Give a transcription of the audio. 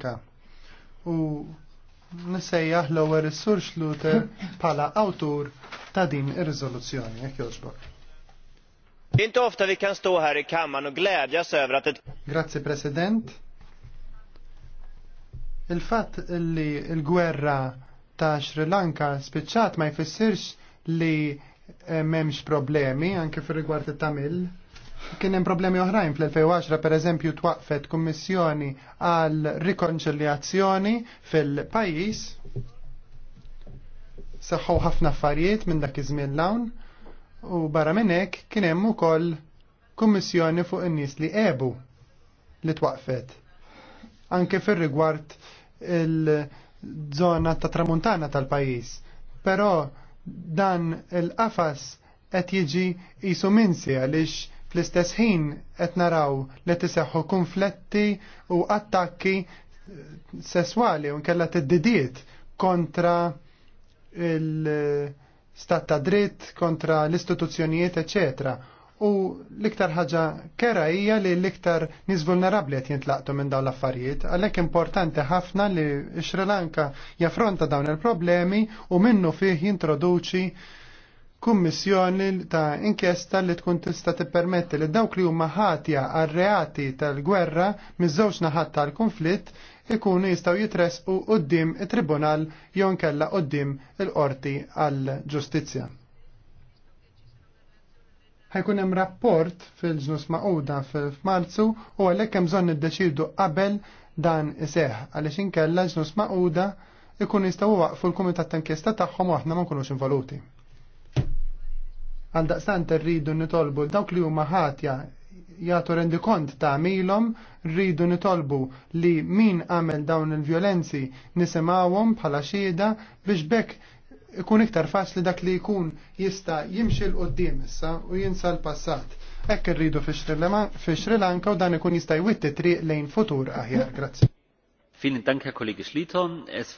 Amerika. U nisejjaħ l-ewwel is-Sur Schluter bħala awtur ta' din ir-riżoluzzjoni jekk jogħġbok. Inti ofta vi kan stå här i kammaren och glädjas över att Grazie president. Il-fatt li l-gwerra ta' Sri Lanka spiċċat ma jfissirx li eh, memx problemi anke fir rigward it-Tamil Kien hemm problemi oħrajn fl-2010 pereżempju twaqfet kummissjoni għal rikonċiljazzjoni fil-pajjiż. seħħu ħafna affarijiet minn dak iż-żmien l-hawn u barra minn hekk kien hemm ukoll kummissjoni fuq in-nies li ebu li twaqfet. Anke fir-rigward il-żona ta' tramuntana tal-pajjiż. Però dan il-qafas qed jiġi qisu minsi għaliex Fl-istess ħin qed naraw li tiseħħu konfletti u attakki eh, sesswali u nkella tiddidiet kontra il-stat ta' dritt, kontra l-istituzzjonijiet, eccetera. U l-iktar ħaġa kera hija li l-iktar nis vulnerabli qed jintlaqtu minn dawn l-affarijiet, għalhekk importanti ħafna li Sri Lanka jaffronta dawn il-problemi u minnu fih jintroduċi kummissjoni ta' inkjesta li tkun tista' tippermetti li dawk li huma ħatja għar reati tal-gwerra miż-żewġ naħat tal-konflitt ikunu jistgħu jitresqu qudiem it-tribunal jew nkella qudiem il-qorti għal ġustizzja. Ħajkun hemm rapport fil-ġnus maquda f'Marzu u għalhekk hemm bżonn iddeċidu qabel dan iseħħ għaliex inkella ġnus maquda ikun jistgħu waqfu l-kumitat tankjesta tagħhom u aħna ma nkunux involuti. Għaldaqstant irridu nitolbu dawk li huma ħatja jagħtu rendikont ta' milhom rridu nitolbu li min għamel dawn il-vjolenzi nisimgħuhom bħala xieda biex bekk ikun iktar faċli dak li jkun jista' jimxi l qoddim issa u jinsa l-passat. Hekk irridu fi Sri Lanka u dan ikun jista' jwitti triq lejn futur aħjar. Grazzi. Vielen tanka kollegi Kollege